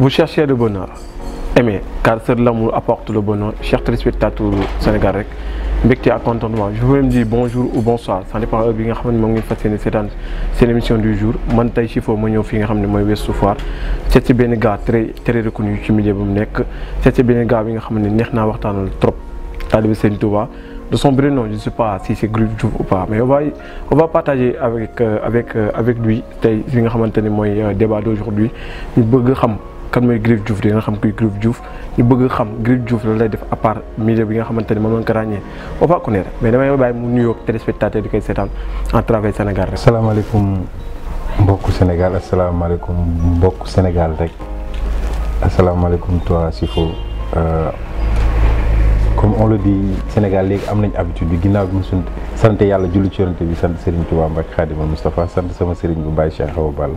vous cherchez le bonheur. Aimez, car seul l'amour apporte le bonheur. Chers téléspectateurs sénégalais, qui à contentement je voulais me dire bonjour ou bonsoir ça dépend heure bi nga xam ne moom ngeen fas c'est l'émission du jour man tey Chifo ma ñëw fii nga xam c'est mooy Ouest gars très très reconnu ci milieu bu mu c'est seet si gars bi nga xam ne neex naa waxtaanal trop taalibe Touba de son prénom je ne sais pas si c'est Groupe ou pas mais on va on va partager avec euh, avec euh, avec lui c'est une nga xamante ne euh, débat d'aujourd'hui ñu bëgg xam kan mooy Griff Diouf di nga xam kuy Griff Diouf ñu bëgg xam Griff Diouf la lay def à part bi nga xamante ni moom lañ ko ràññee on va connaître mais damay bàyyi mu nuyoo téléspectateur di koy seetaan en travers Sénégal rek. asalaamaaleykum mbokku Sénégal asalaamaaleykum mbokku Sénégal rek asalaamaaleykum toi Sifo euh, comme on le Sénégal léegi am nañ habitude bi ginnaaw bi mu sunt sant yàlla julli ci yonante bi sant Serigne Touba Mbacke Khadimou Moustapha sant sama Serigne bu Baye Cheikh Awa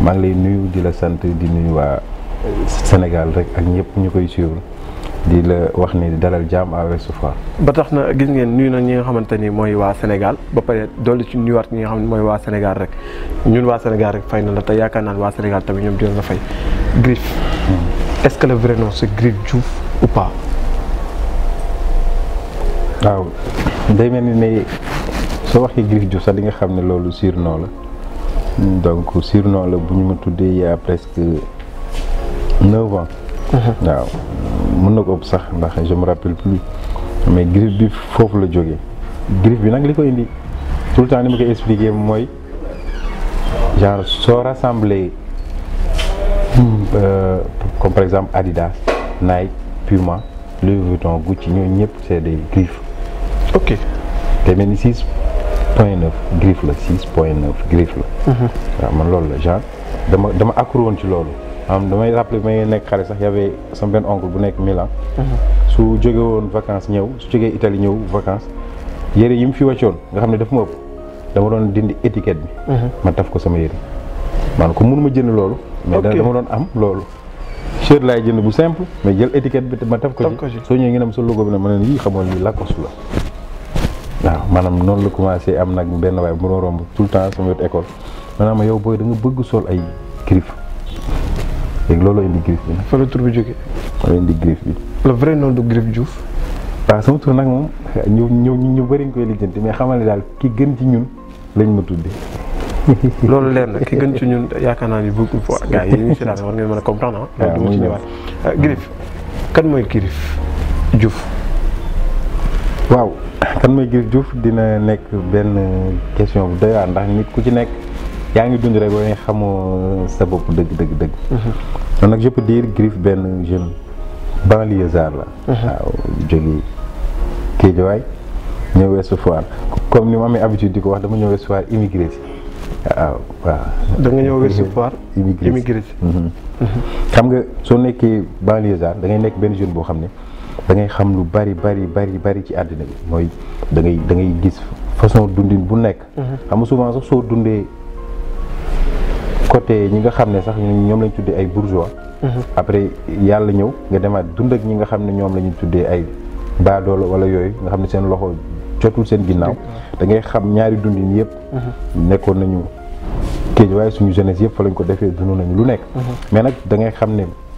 maa ngi lay nuyu di la sant di nuyu waa euh, Sénégal rek ak ñëpp ñu koy suivre di la wax ni dalal jàmm à Ouest Foire ba tax na gis ngeen nuyu nag ñi nga xamante ni mooy waa Sénégal ba pare dolli ci nuyuwaat ñi nga xam ne mooy waa Sénégal rek ñun waa Sénégal rek fay na la te yaakaar naan waa Sénégal tamit ñoom dinañ la fay Griff hmm. est-ce que le vrai nom c'est Griff waaw day mel ni ne soo waxee Griff Diouf sax di nga xam ne loolu siir noo la donc surnom la buñu ma ma il y a presque 9 ans. Mhm. waaw mën na ko sax ndax je me rappelle plus mais griffe bi foofu la jogging griffe bi nak liko indi tout le temps ni ma koy expliquer moy genre so euh, comme par exemple Adidas Nike Puma le Vuitton Gucci ñooñu ñëpp c'est des griffes. ok te mel point neuf griffe la six point neuf griffe la. Mhm. waaw man loolu la genre dama dama accro woon ci loolu. am damay rappelé may nekk xale sax y avait sama benn oncle bu nekk Milan. Mhm. su jóge woon vacances ñëw su jógee Italie ñëw vacances yére yi mu fi wàccoon nga xam ne daf ma ëpp dama doon dindi étiquette bi. Mhm. ma taf ko sama yére man ko mënuma jënd loolu. mais dama doon am loolu. shirt laay jënd bu simple mais jël étiquette bi ma taf ko ci. soo ñëwee ngeen am sa logo bi ne ma ne nii xamoon lii waaw maanaam noonu la commencé am nag benn waay bu doon romb tout le temps sama wetu école maanaam yow booy da bëgg sol ay griffe léegi looloo indi griffe bi. fa la tur bi jógee. fa la griffe bi. le vrai nom nag moom ñu ñu ñu bëri ñu koy lijjanti mais xamal ne daal ki gën ci ñun lañ ma tuddee. loolu leer ki gën ci ñun yaakaar naa ni bu gaa yi si daal a comprendre ah. waaw mu ngi euh, kan mooy Griffe waaw. kan mooy Gris Diouf dina nekk benn question bu doy waar ndax nit ku ci nekk yaa ngi dund rek waaye xamoo sa bopp dëgg dëgg dëgg. kon mhm. nag yëpp peux dire benn jeune banlieusard la. Mhm. waaw jógee Kédiawaye ñëw Ouest Foire comme ni ma amee habitude di ko wax dama ñëw Ouest Foire immigré si waaw waaw. da nga ñëw Ouest Foire immigré si mhm. xam nga soo nekkee banlieusard da ngay nekk benn jeune boo xam ne. da ngay xam lu bari bari bari bari ci àddina bi mooy da ngay da ngay gis façon dundin bu nekk. Mhm. xam nga souvent sax soo dundee côté ñi nga xam ne sax ñoom lañ tuddee ay bourgeois. Mhm. après yàlla ñëw nga demaat dund ak ñi nga xam ne ñoom la ñu tuddee ay baadoolo wala yooyu nga xam ne seen loxo jotul seen ginnaaw. Mhm. da ngay xam ñaari dundin yëpp. nekkoon nañu kéej waaye suñu jeunesse yëpp fa lañ ko defee dund nañu lu nekk. mais nag da ngay xam ne.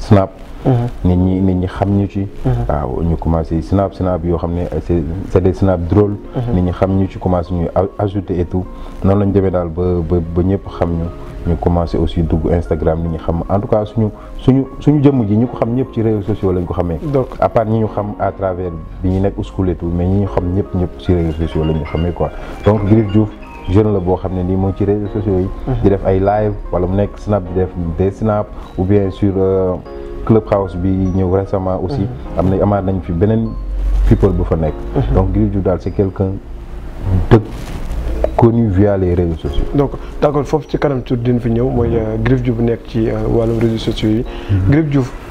snap mhm. nit ñi nit ñi xam ñu ci mhm. waaw ñu commencé snap snap yoo xam ne c'est c'est des snap drôle mhm. nit ñi xam ñu ci commencé ñuy ajouter et tout noonu lañ demee daal ba ba ba ñëpp xam ñu ñu commencé aussi dugg Instagram nit ñi xam en tout cas suñu suñu suñu jëmm ji ñu ko xam ñëpp ci réseaux sociaux lañ ko xamee. donc à part ñi ñu xam à travers bi ñu nekk school et tout mais ñi ñu xam ñëpp ñëpp ci réseaux sociaux lañ ñu xamee quoi donc Griff Diouf jeune la boo xam ne nii moo ci réseaux sociaux yi. Mhm. di def ay live wala mu nekk snap di def des snap ou bien sur euh, Clubhouse bi ñëw récemment aussi. Mhm. am nañ amaat nañ fi beneen people bu fa nekk. Mhm. donc Griff Diouf daal c'est quelqu'un de connu via les réseaux sociaux. donc d'accord foofu ci kanam tur din fi ñëw mooy euh, Griff Diouf bu nekk ci euh, wàllum réseaux sociaux yi. Griff Diouf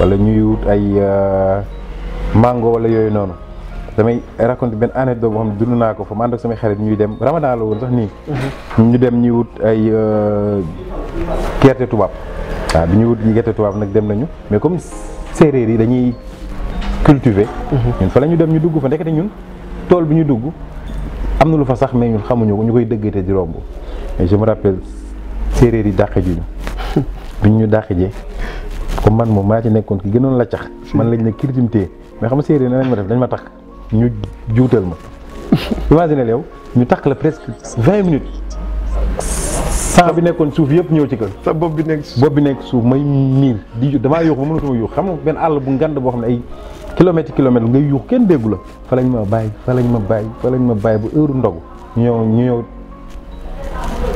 wala ñuy wut ay euh, mango wala yooyu noonu damay raconter benn anecdote boo xam dund naa ko fa ma ànd ak samay xarit ñuy dem ramadan la woon sax nii. Mhm. ñu dem ñuy wut ay euh, gerte tubaab waaw bi ñuy wut gerte tubaab nag dem nañu mais comme séeréer yi dañuy cultiver. Mhm. ñun fa la ñu dem ñu dugg fa ndekete ñun tool bi ñu dugg am na lu fa sax mais ñun xamuñu ko ñu koy dëggate di romb et je me séeréer yi dàq ji ñu. ñu dàq jee comme man moom maa ci nekkoon ki gënoon la cax man lañ ne kirtimtée ma xam nga séeréer na lañ ma def dañ ma tax ñu juutal ma imaginez yow ñu takk la presque vingt minutes sang bi nekkoon suuf yëpp ñëw ci ko sa bopp bi nekk bopp bi nekk suuf may miir di damaa yuux ba mënatuma yuux xam benn àll bu ngande boo xam ne ay kilomètre kilomètre ngay yuux kenn déggu fa lañ ma bàyyi fa lañ ma bàyyi fa lañ ma bàyyi bu heure ndogu ñu ñëw ñu ñëw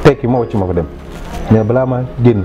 tekki ma wacc ma fa dem mais balaa ma génn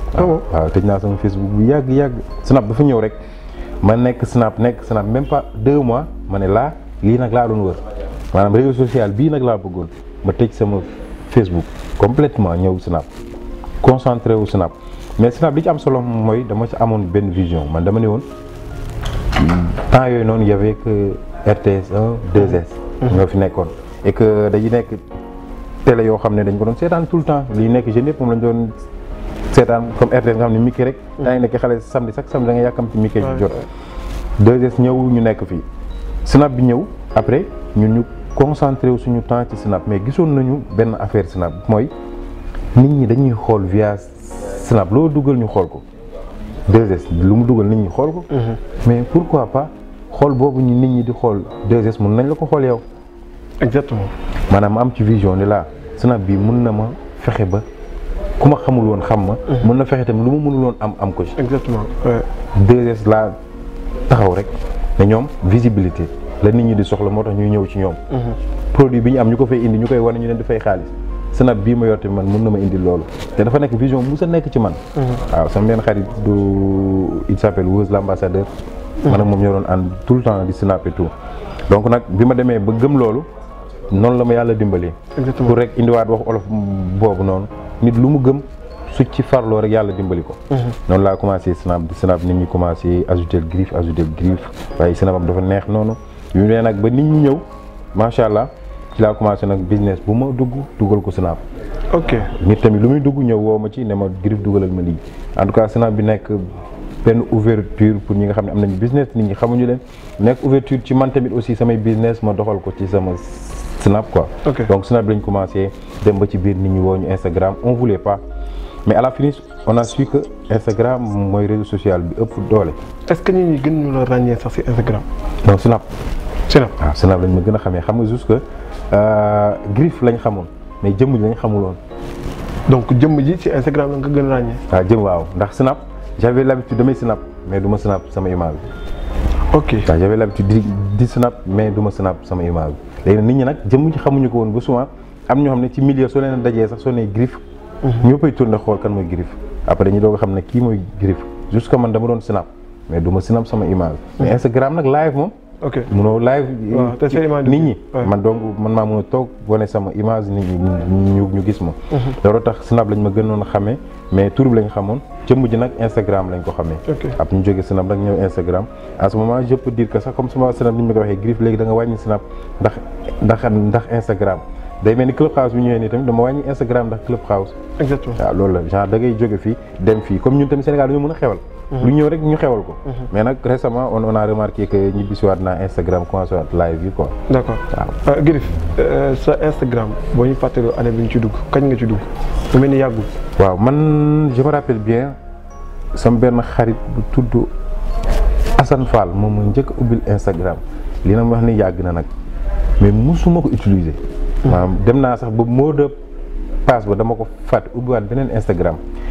Ah, waaw tëj naa sama Facebook bu yàgg yàgg snap dafa ñëw rek ma nekk snap nekk snap même pas deux mois ma ne laa lii nag laa doon wër maanaam réseau social bii nag laa bëggoon ma tëj sama Facebook completement ñëw snap concentré wu snap mais snap li ci am solo mooy dama ci amoon benn vision man dama ne woon temps yooyu noonu y avait que RTS 1 s mhm. ñoo fi nekkoon et que dañu nekk télé yoo xam ne dañ ko doon seetaan tout le temps li nekk jeune yëpp moom lañ doon seetaan comme RTS nga xam ne Mickey rek mm. daa ngi nekk xale samedi sax samedi nga yakam ci Mickey bi jot deux ñëw ñu nekk fi snap bi ñew après ñun ñu concentré suñu temps ci snap mais gisoon nañu ben affaire snap moy nit ñi dañuy xol via snap lo duggal ñu xol ko deux lu mu duggal nit ñi xol ko mm-hmm. mais pourquoi pas xol bobu ñi nit ñi di xool deux mun nañ la ko xool yow exactement manam am ci vision ni la snap bi mën na ma fexé ba ku ma xamul woon xam ma. Mhm. mën na fexe tamit lu ma mënul woon am am ko ci. exactement deux la taxaw rek ne ñoom visibilité la nit ñi di soxla moo tax ñuy ñëw ci ñoom. Mhm. produit bi ñu am ñu ko fay indi ñu koy wane ñu leen di fay xaalis. snap bii ma yor tamit man mën na ma indi loolu te dafa nekk vision mu sa nekk ci man. Mhm. waaw sama benn xarit du il s'appelle Wose l'ambassadeur. man ak moom ñoo doon ànd tout le temps di snap et tout. donc nag bi ma demee ba gëm loolu noonu la ma yàlla dimbali. exactement pour rek indiwaat wax olof boobu noonu. nit lu mu gëm su ci farloo rek yàlla dimbali ko. Mhm. noonu laa commencé snap di snap nit ñi commencé ajouté griffe ajouté griffe waaye snap am dafa neex noonu yu ne nag ba nit ñu ñëw macha allah ci laa commencé nag business bu ma dugg dugal ko snap. ok nit tamit lu muy dugg ñëw woo ma ci ne ma griffe dugalal ma lii en tout cas snap bi nekk. benn ouverture pour ñi nga xam ne am nañu business nit ñi xamuñu leen nekk ouverture ci man tamit aussi samay business ma doxal ko ci sama snap quoi. Okay. donc snap lañ commencé d'un ba ci biir Instagram on voulait pas mais à la fin on a su que Instagram mooy réseau social bi ëpp doole. est-ce que nit ñi gën ñu la ràññee sax ci Instagram. donc snap. snap Ah snap lañ ma gën xamé xam nga juste que euh, griffe lañ xamone mais jëm ji lañ xamuloon. donc jëm ji ci Instagram la nga gën a Ah jëm waaw ndax snap j'avais l'habitude de damay snap mais duma snap sama image. ok j'avais l'habitude de snap mais du ma snap sama image. léegi nag nit ñi nag jëmm ji xamuñu ko woon ba souvent am ñoo xam ne ci milieu soo leen dajee sax soo nee griffe mhm. ñëppay tourné xool kan mooy griffe après ñu doog a xam ne kii mooy griffe jusque man dama doon sinap mais du ma sinap sama image mais mhm. Instagram nag live moom ok munoo live. nit ñi man donc man maa mun toog wane sama image nit ñi ñu ñu gis ma. Mhm. loolu tax Snap lañ ma gënoon a xamee mais tur bi lañ xamoon jëmm ji nag Instagram lañ ko xamee. ok ab ñu jógee Snap nag ñëw Instagram à ce moment je peux comme sama Snap ni ñu ko waxee griffe léegi da nga wàññi Snap ndax ndax Instagram. day mel ni club house bi ñëwee nii tamit dama wàññi Instagram ndax club house. exactement waaw loolu la genre da ngay jóge fii dem fii comme ñun tamit Sénégal dañoo mën a xewal. lu ñëw rek ñu xewal ko. Mhm. mais nag récemment on on a remarqué que ñibbisiwaat naa Instagram commencé waat live yi quoi. d' accord waaw euh, Griff euh, sa Instagram boo ñu fàttaloo année bi ñu ci dugg kañ nga ci dugg mu mel yàggul. waaw man je bien sama benn xarit bu tudd Assane Fall moom mooy njëkk a ubbil Instagram li na ma wax ni yàgg na nag mais musuma ko utiliser. maanaam mhm. dem naa sax ba mot de passe ba dama ko fàtte ubbiwaat beneen Instagram.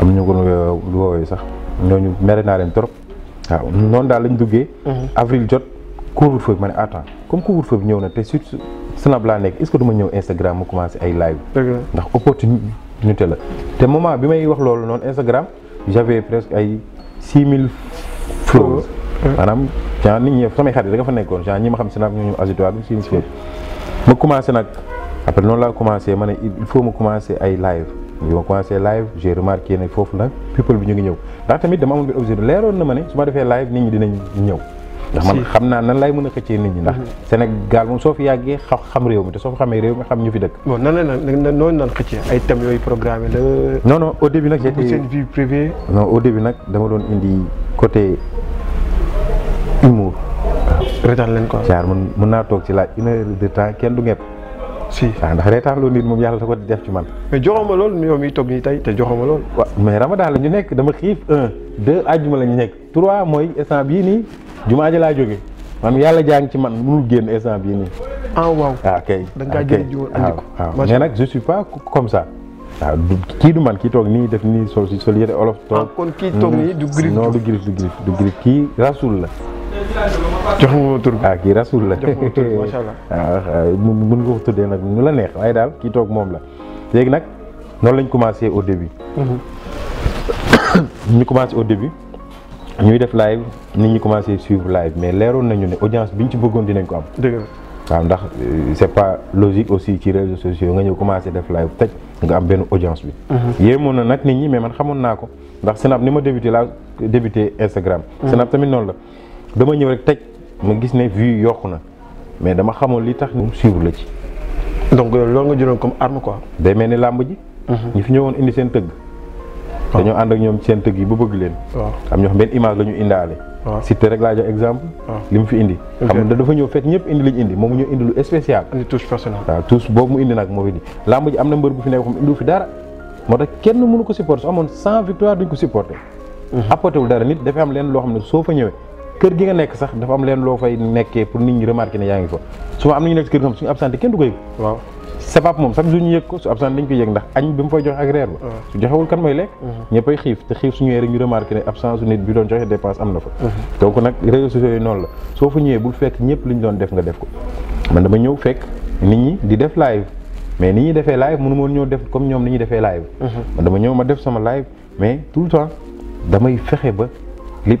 am ñu ko lu euh, woowee sax ñooñu mere naa leen trop waaw noonu daal lañ duggé mhm. avril jot couvre-feu bi ma ne attends comme couvre-feu bi ñëw na té surtout Snap la nekk est-ce que duma ñëw Instagram mu commencé ay live. ndax opportunité la té moment bi may wax lolu non Instagram j'avais presque ay 6000 followers. manam genre nit ñi samay xarit da nga fa nekkoon genre ñi ma xam Snap ñu ñëw agitoir bi suñu ma commencé nak après non la commencé mané il faut mu commencé ay live ils ont commencé live j'ai remarqué faux-faux people ngi tamit dama objet na ne live nit ñi dinañ ñew ndax man nan lay nit ñi ndax mm-hmm. Sénégal xam réew mi réew xam ñu fi dëkk non non au début non au début dama indi côté humour quoi de temps du si waaw ndax reetaan loolu nit moom yàlla da ko def ci man mais joxoo ma loolu yow miy toog nii tey te joxoo ma loolu waaw mais ramadan la ñu nekk dama xiif un deux àjjuma la ñu nekk trois mooy instant bii nii jumaa ji laa jóge man yàlla jaa ngi ci man mënul génn instant bii nii ah waaw waaw ah, kay da nga ah, jël jiw andi ah, ko waaw mais nag pas comme ça waaw du kii du man kii toog nii def nii sol sol yére olof toog kon kii toog hmm. nii du griffe non du griffe du griffe du kii rasul la joxuma tur bi ah la joxuma tur bi macha allah. waaw ah, ah, mën nga ko tuddee nag nu la neex waaye daal kii toog moom la léegi nag noonu lañ commencé au bi mhm. ñu commencé au bi ñuy def live nit ñi commencé suivre live mais leeroon nañu ne audience biñ ci bëggoon dinañ ko am. dëgg la waaw ndax euh, c' est pas logique aussi ci réseaux sociaux nga ñëw commencé def live tëj nga am benn audience bi. Mhm. yéemoon na nag nit ñi mais man xamoon naa ko ndax Snap ni ma débuté laa débuté Instagram. Mhm. Snap tamit noonu la ma gis ne vue yokk na mais dama xamoon li tax mu suivre la ci. donc euh, loolu nga jëloon comme arme ko day mel ni làmb ji. Mhm. ñi fi ñëwoon indi seen tëgg. dañoo ànd ak ñoom seen tëgg yi ba bëgg leen. am xam benn image la ñu indaale. waaw Siteu exemple. li mu fi indi. xam nga dafa ñëw fekk ñëpp indi li indi moom ñu indi lu spécial. indi touche personnelle. waaw boobu mu indi nag moo indi làmb ji am na mbër bu fi nekk xam indiwu fi dara moo tax kenn mënu ko supporter su amoon 100 victoire duñ ko supporter. Mhm. apporté wul dara nit dafay am leen loo xam ne soo kër gi nga nekk sax dafa am leen loo fay nekkee pour nit ñi remarqué ne yaa ngi fa souvent am na ñu nekk si kër gi xam suñu su mhm. nit mhm. la soo fa ñëwee bul fekk ñu doon def ñi di live mais ni ñuy defee live mënu moon def comme ñoom ni ñuy defee live mhm. man dama ñëw ma def sama live mais tout temps damay fexe ba lépp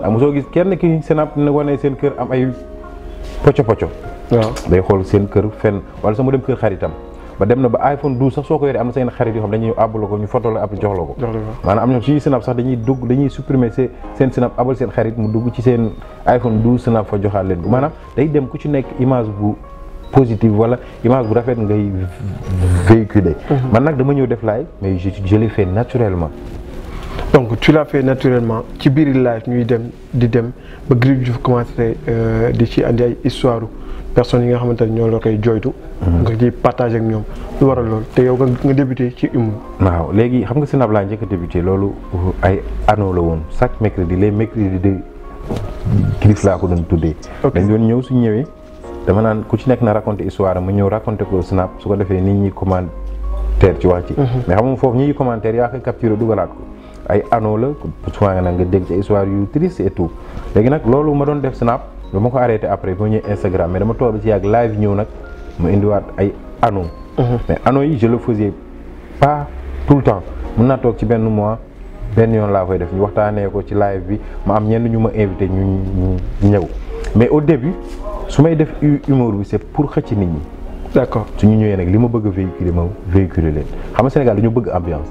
ndax mosoo gis kenn ki Sénap ne wane seen kër am ay pocco pocco. waaw day xool seen kër fen wala sama dem kër xaritam ba dem na ba iPhone 12 sax soo ko yoree am na seen xarit yoo xam dañuy àbb ko ñu foto la ab jox la ko. maanaam am na ci Sénap sax dañuy dugg dañuy supprimer seen seen Sénap seen xarit mu dugg ci seen iPhone 12 Sénap fa joxaat leen ko maanaam day dem ku ci nekk image bu. positive wala image bu rafet ngay véhiculer mhm. man nag dama ñëw def laay mais je je naturellement donc tu la fait naturellement ci biir live ñuy dem di dem ba Griff Diouf commencé euh, di ci andi ay histoire personnes yi nga xamante ne ñoo la koy jooytu. Mhm. nga ciy partage ñoom lu waral loolu te yow nga débuté ci humour. waaw léegi xam nga Snap laa njëkk a débuté loolu uh, ay anno la woon chaque mercredi les di de Griff laa ko doon tuddee. dañ doon ñëw suñ ñëwee dama naan ku ci nekk na raconté histoire mu ñëw raconté ko Snap su ko defee nit ñi commentaire ci wax ci. Mhm. mais xam nga foofu ay anneau la souvent nag nga dégg ci histoire yu triste et tout léegi nak lolu ma don def snap dama ko arrêté après ba ñëw Instagram mais dama toog ci yàgg live ñëw nak mu indi wat ay anneau. Mhm. mais anneau yi je le faisais pas tout le temps mun na tok ci ben mois ben yon la fay def ñu waxtaanee ko ci live bi ma am ñen ñuma ma invité ñu ñu ñëw mais au début sumay def humour bi c'est pour xëc nit ñi. d'accord ci ñu ñëwé nak lima bëgg véhiculer ma véhiculer leen xam nga Sénégal dañu bëgg ambiance.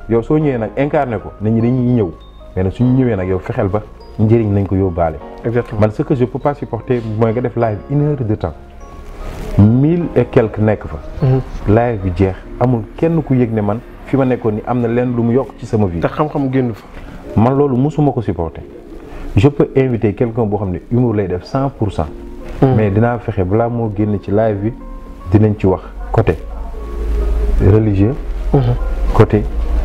yow soo ñëwee nag incarné ko nit ñi dañuy ñëw mais nak suñu ñëwé nak yow fexel ba njëriñ nañ ko yobalé exactement man ce que je peux pas supporter mooy nga def live une heure de temps mille et quelques nek fa. Mhm. live bi jeex amul kenn ku yëg ne man fi ma nekkoon ni am na leen lu mu yokk ci sama vie. te xam-xam génn fa. man loolu musuma ko supporter je peux inviter quelqu'un boo xam ne humour lay def 100 pour cent. Mhm. mais dinaa fexe balaa moo génn ci live bi dinañ ci wax côté religieux. Mhm. côté.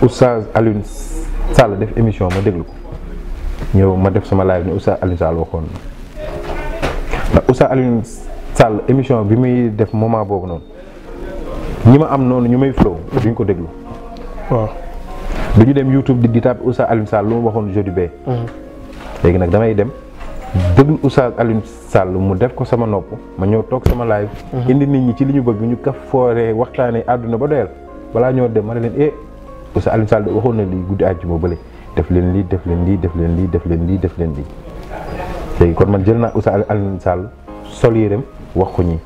Oustaz Alioune Sall def émission ma déglu ko ñëw ma def sama live ni Oustaz Alioune Sall waxoon bi muy def moment boobu noonu ñi ma am noonu ñu may flow duñ ko déglu waaw du dem YouTube di di tàpp Oustaz Alioune Sall lu mu waxoon jeudi bee mhm. léegi nag damay dem déglu Oustaz Alioune Sall mu def ko sama nopp ma ñëw toog sama live mhm. indi nit ñi ci li ñu bëgg ñu kaf waxtaanee àdduna ba doyal balaa ñoo dem ma ne leen eh, parce que Alioune Sall waxoon na lii guddi àjjuma bële def leen lii def leen lii def leen lii def leen lii def leen lii léegi kon man jël naa Oustaz Alioune Sall sol yérem wax ñi ñii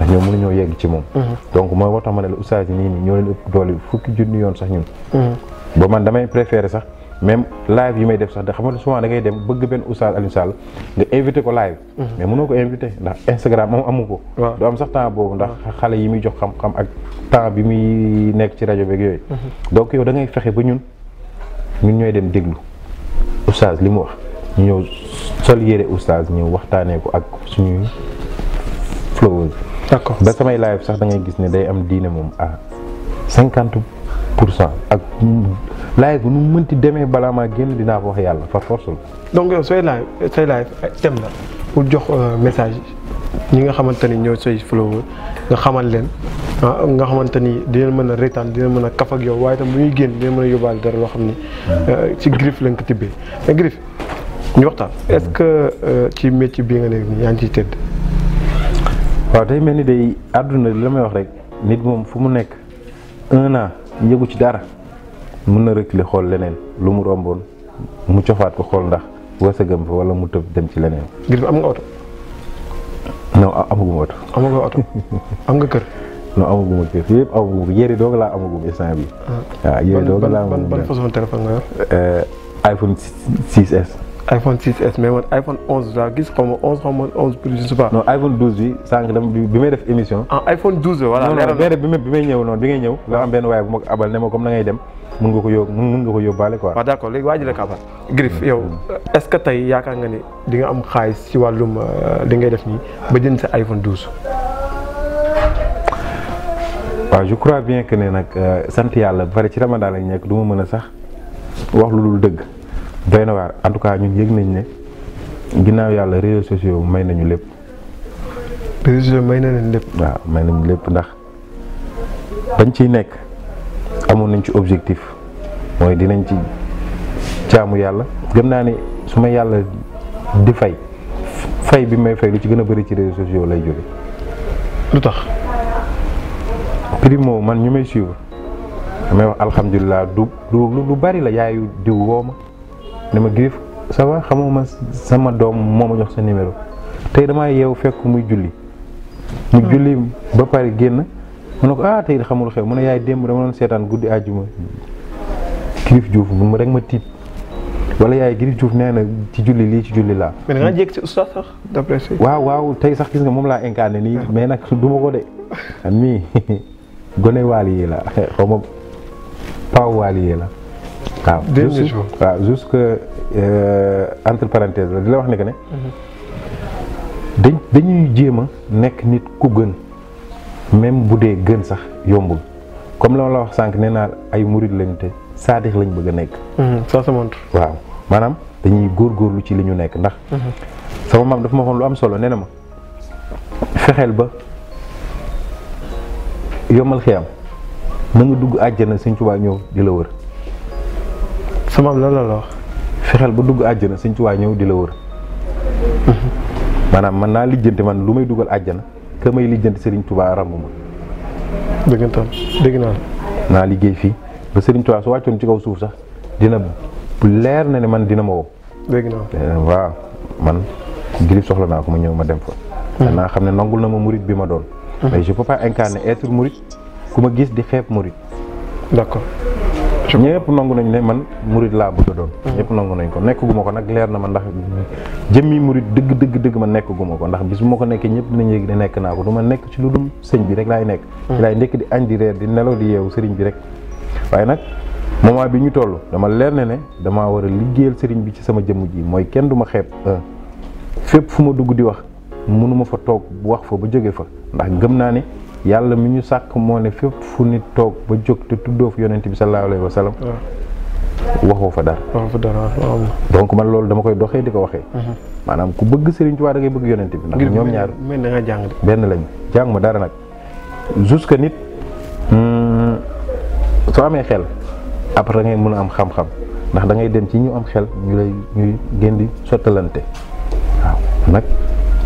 ndax ñoom mënuñoo yegg ci moom mhm. donc mooy moo ma ne la Oustaz yi ñoo leen ëpp doole fukki junni yoon sax ñun mhm. ba man damay préféré sax même live yi may def sax da xam nga souvent da ngay dem bëgg benn oustaz Alioune Sall nga invité ko live. Mhm. mais mënoo ko invité ndax Instagram moom amu ko. du am sax temps boobu ndax xale yi muy jox xam-xam ak temps bi muy nekk ci rajo beeg yooyu. Mhm. donc yow da fexe ba ñun ñun ñooy dem déglu oustaz li mu wax ñu ñëw sol yére oustaz ñu waxtaanee ko ak suñuy flow. d'accord ba samay live sax dangay gis ne day am diine moom à cinquante pour cent ak. live bu nu mu mënti demee balaa maa génn dinaa ko wax yàlla par force donc yow sooy live sooy live thème la pour jox euh, message ñi nga xamante ni ñoo say follower nga xaman leen ah nga xamante ni dina mën a reetaan dina mën a kaf yow waaye tam bu ñuy génn dina mën a yóbbaale dara loo xam ni. Euh, ci Griff lañ ko tibbee mais Griff ñu waxtaan. est-ce que euh, ci métier bi nga nekk nii yaa ngi ciy tëdd. waaw day mel ni day àdduna li la may wax rek nit moom fu mu nekk un an yëgu ci dara. mën na reculer xool leneen lu mu romboon mu cofaat ko xool ndax wërsëgam fa wala mu tëb dem ci leneen. ngir am nga oto. non amaguma oto. amaguma oto am nga kër. non amaguma kër yëpp amaguma ko yére doog laa amaguma instant bi ah. waaw yére doog laa amaguma ban ban façon téléphone nga yor. Euh, iPhone 6s. iPhone 6S mais bon iPhone 11 laa gis comme ma 11 11 plus je sais pas. non iPhone 12 bi sànq dama bi may def émission. en ah, iPhone 12 voilà. non non bi bi may ñëw non bi ngay ñëw. nga am ben waaye bu mako abal néma comme na ngay dem mun nga ko yób mun nga ko yóbbaale quoi. waaw d'accord légui léegi waa la Griff yow mm. est ce que tay yaakaar nga ni di nga am xaalis ci walum euh, li ngay def ni ba jënd sa iPhone 12. waaw je crois bien que ne nag euh, sant yàlla bari ci ramadan lañ nekk du ma mën a sax wax lu dul dëgg. doy na waar en tout cas ñun yëg nañ ne ginnaaw yàlla réseaux sociaux may nañu lépp. réseaux may na leen lépp. waaw may nañu lépp ndax bañ ci nekk amoon nañ ci objectif mooy dinañ ci jaamu yàlla gëm naa ni su ma yàlla di fay fay bi may fay lu ci gën a bëri ci réseaux sociaux lay jóge lu tax. primo man ñu may suivre damay wax alhamdulilah du lu bari la yaayu diw wooma ne ma sama ça va xamuma sama doom moo ma jox sa numéro tey damaa yeewu fekk muy julli. mu hmm. julli ba pare génn mu ne ko ah tey xamul xew mu ne yaay démb dama doon seetaan guddi àjjuma Grif Diouf mu rek ma tiit wala yaay Grif Diouf nee na ci julli lii ci julli laa. mais da ngaa jékki waaw waaw tey sax gis nga moom laa incarné nii hmm. mais nag du ma ko de ami gone waal yi la xaw ma paaw waal yi la. waaw juste waaw juste que euh, entre parenthèse la di la wax ne que ne. dañuy jéem a nekk nit ku gën même bu dee gën sax yombul comme la ma la wax sànq nee naa ay murid lañ te saadix lañ bëgg a nekk. Mhm, ça se montre. waaw maanaam dañuy góorgóorlu ci li ñu nekk ndax. Mhm. sama maam dafa ma waxoon lu am solo nee na ma fexeel ba yombal xiyam na nga dugg àjjana Sëñ Tuubaa ñëw di la wër. sama am lan la fexeel ba dugg àjjana suñ ci ñëw di la wër. maanaam man naa lijjanti man lu may dugal àjjana ka may lijjanti sëriñ tubaa ramb ma. dëggantaan dëgg naa liggéey fii ba Serigne Touba su wàccoon ci kaw suuf sax dina leer na ne man dina ma woo. dëgg naa eh, waaw man Grip soxla naa ko ma ñëw ma dem fa. Hmm. naa xam ne nangul na ma murit bi ma doon. Hmm. mais je peux pas incarner être ku ma gis di xeeb murit. d'accord. ñëpp nangu nañ ne man murid laa bëgg a doon mm-hmm. ñëpp nangu nañ ko nekk gu ko nag leer na ma ndax jëmmi murid dëgg dëgg dëgg ma nekk gu ko ndax bis bu ma ko nekkee ñëpp dinañ yëg ne nekk naa ko du nekk ci lu dul sëñ bi rek laay nekk mm-hmm. ci laay ndekk di añ di reer di nelaw di yeewu sëriñ bi rek waaye nag moment bi ñu toll dama leer na ne damaa war a liggéeyal sëriñ bi ci sama jëmm ji mooy kenn du xeeb euh, fépp fu ma dugg di wax mënuma fa toog wax fa ba jóge fa ndax gëm naa ne yàlla mi ñu sàkk moo ne fépp fu nit toog ba jóg te tuddoo fa yonent bi sallallahu alayhi wa sallam waxoo fa dara donc man loolu dama koy doxee di ko waxee mhm. maanaam ku bëgg Serigne Touba da ngay bëgg yonent bi ndax ñoom ñaar benn lañu jàng ma dara nag jusque nit hmm, soo amee xel après da ngay mën a am xam-xam ndax da ngay dem ci ñu am xel ñu lay ñuy gën di sottalante nag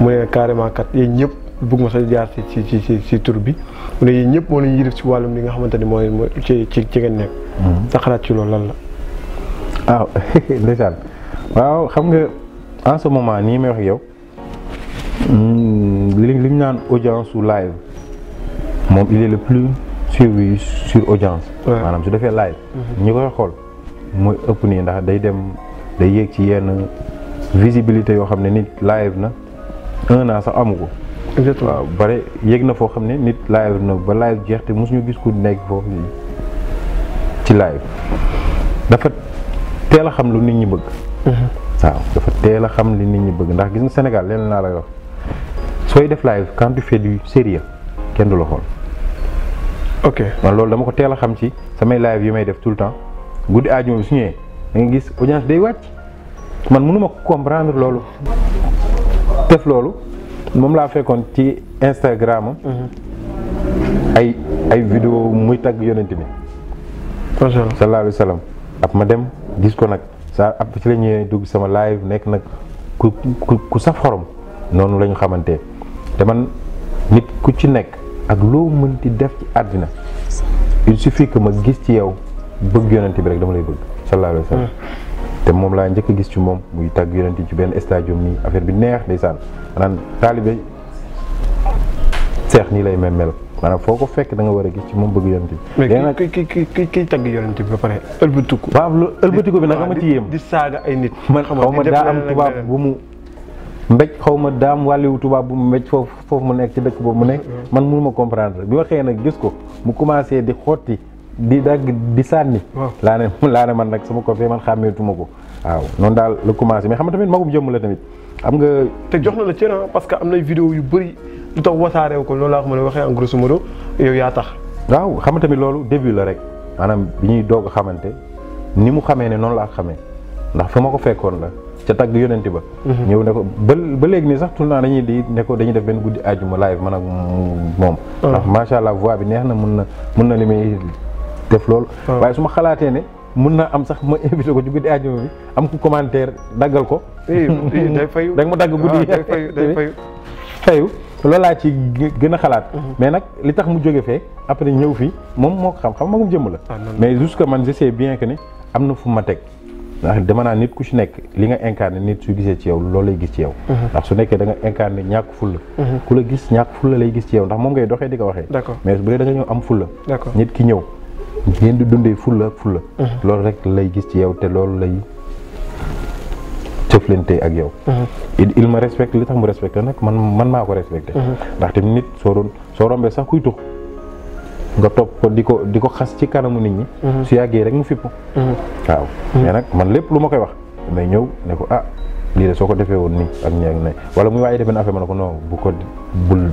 mu ne carrément kat yéen ñëpp bëgg ma sa jaar ci ci ci ci bi mu ne yéen ñëpp moo leen yilif ci wàllum li nga xamante ni mooy ci ci ci ngeen nekk. Hmm. sa xalaat ci loolu lan la. Ah, waaw xam nga en ce moment nii may wax yow hmm, li li naan audience su live moom il le plus suivi audience. maanaam su defee live. Mhm. ñi koy xool ëpp nii day dem day yéeg ci yenn visibilité yoo xam ne nit live na. naa an sax amu ko. exactement waaw bare yéeg na foo xam ne nit live na ba live jeex te mosuñu gis ku nekk foofu ci live dafa teel a xam lu nit ñi bëgg. Mhm. waaw dafa teel a xam li nit ñi bëgg ndax gis nga Sénégal leen naa la wax sooy def live quand tu fais sérieux kenn du la xool. ok man loolu dama ko teel a xam ci samay live yi may def tout le temps guddi aajuma bi su ñëwee da gis audience day wàcc man mënuma comprendre loolu. def loolu moom laa fekkoon ci Instagram mhm. ay ay vidéo muy tagg yonant bi sallallahu alayhi wa ab ma dem gis ko nag saa ab ci la ñuy dugg sama live nekk nag ku ku saf xorom noonu lañu xamante te man nit ku ci nekk ak loo mënti def ci àddina il suffit que ma gis ci yow bëgg yonent bi rek dama lay bëgg sallallahu alayhi wa te moom laa njëkk a gis ci moom muy tàgg yonent ci benn stadium nii affaire bi neex ndeysaan maanaam taalibe seex nii lay mel mel maanaam foo ko fekk da nga war a gis ci moom bëgg yonent bi. ma ki ki ki ki ki tagg yonent bi ba pare ëlbatiku. waaw lu bi nag ma ci di saaga ay nit. man xaw ma daa am tubaab bu mu mbéj xaw ma daam wàlliwu tubaab bu mu mbéj foofu mu nekk ci dëkk boobu mu nekk. man mënu ma comprendre bi ma xëyee nag gis ko mu commencé di xotti. di dagg di sànni. laa ne laa man nag su ma ko fee man xàmmeetuma ko. waaw noonu daal la commencé mais xam nga tamit magum jëmm la tamit xam nga. te jox na la cër ah, parce que am na vidéo yu bëri lu tax wasaareew ko loolu laa ko mën a waxee en grosso modo yow yaa tax. waaw xam nga tamit loolu début la rek maanaam bi ñuy doog a xamante ni mu xamee ne noonu laa xamee ndax fa ma ko fekkoon la ca tagg yonenti ba. Mhm. ñëw ne ko ba ba léegi nii sax tout naa temps dañuy di ne ko dañuy def benn guddi àjjuma live man moom. Ah. ndax macha allah voix bi neex na mun na mun na li muy def loolu. Ah. waaye su ma xalaatee ne mun naa am sax ma invité ko ci guddi àjjuma bi am ku commentaire daggal ko. Eh, eh, day fayu da nga ma dagg guddi ah, day fayu day fayu. loolu laa ci gën a xalaat. Mhm. mais nag li tax mu jóge fee après ñëw fii moom moo ko xam xam magum jëmm la. Ah, mais jusque man je sais bien que ne am na fu ma teg. ndax dama naa nit ku ci nekk li nga incarné nit su gisee ci yow loolu lay gis ci yow. Mhm. ndax su nekkee da nga ñàkk fulla. Mhm. ku la gis ñàkk fulla lay gis ci yow ndax moom ngay doxee waxee. mais bu dee da nga nit ki ñëw. ngeen di dundee fulla ak fulla mhm. loolu rek lay gis ci yow te loolu lay jëflante ak yow mhm. il ma respecte li tax mu respecté nag man maa ko respecté mhm. ndaxte nit soo doon soo rombee sax kuy tux nga topp ko di ko xas ci kanamu nit ñi su yàggee rek mu fipp waaw mais man lépp lu ma koy wax damay ñëw ne ko ah lii de soo ko defee woon nii ak ñi ak ne wala muy waaye def benn affaire ma ne ko non bu ko bul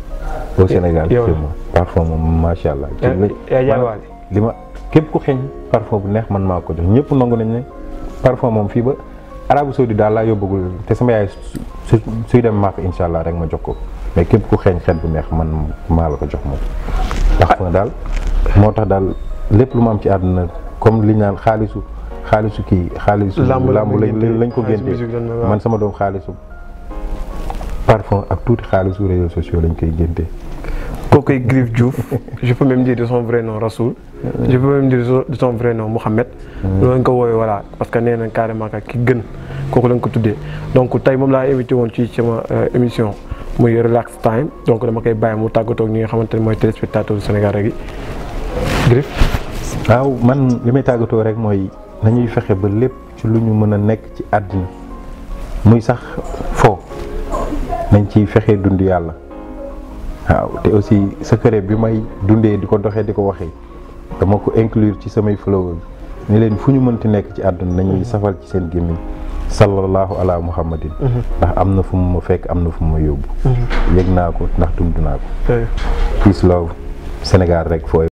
au Sénégal seulement parfum moom macha allah. li ma képp ku xeeñ parfum bu neex man maa ko jox ñëpp nangu nañ ne parfum moom fii ba Arabie Saoudite daal laa yóbbagul te sama yaay su suy dem maa ko incha allah rek ma jox ko mais képp ku xeeñ xet bu neex man maa la ko jox moom. parfum daal moo tax daal lépp lu ma am ci àdduna comme li naan xaalisu xaalisu kii xaalisu. lamb lañ ko génte man sama doom xaalisu. parfum ak tuuti xaalisu réseaux sociaux lañ koy génte kookoy grif djouf je peux même dire de son vrai nom Rasoul je peux même dire de son vrai nom Mohammed mm. loolu lañ ko woy voilà parce que nee carrément ka ki gën kooku lañ ko tuddé donc tay mom la invité won ci sama euh, émission muy relax time donc dama koy bàyyi mu tàggatoog ñi nga xamante moy téléspectateur du Sénégal rek yi Griff waaw man limay may rek moy nañuy fexé ba lépp ci lu ñu mën a nekk ci àddina muy sax nañ ci fexe dund yàlla waaw te aussi secret bi may dundee di ko doxee di ko waxee dama ko inclure ci samay flow ni leen fu ñu mënti nekk ci àdduna nañuy mhm. safal ci seen gémmiñ sallallahu ala muhammadin mhm. ndax am na fu mu ma fekk am na fu mu ma yóbbu mhm. yëg naa ko ndax dund naa ko peace love Sénégal rek fooy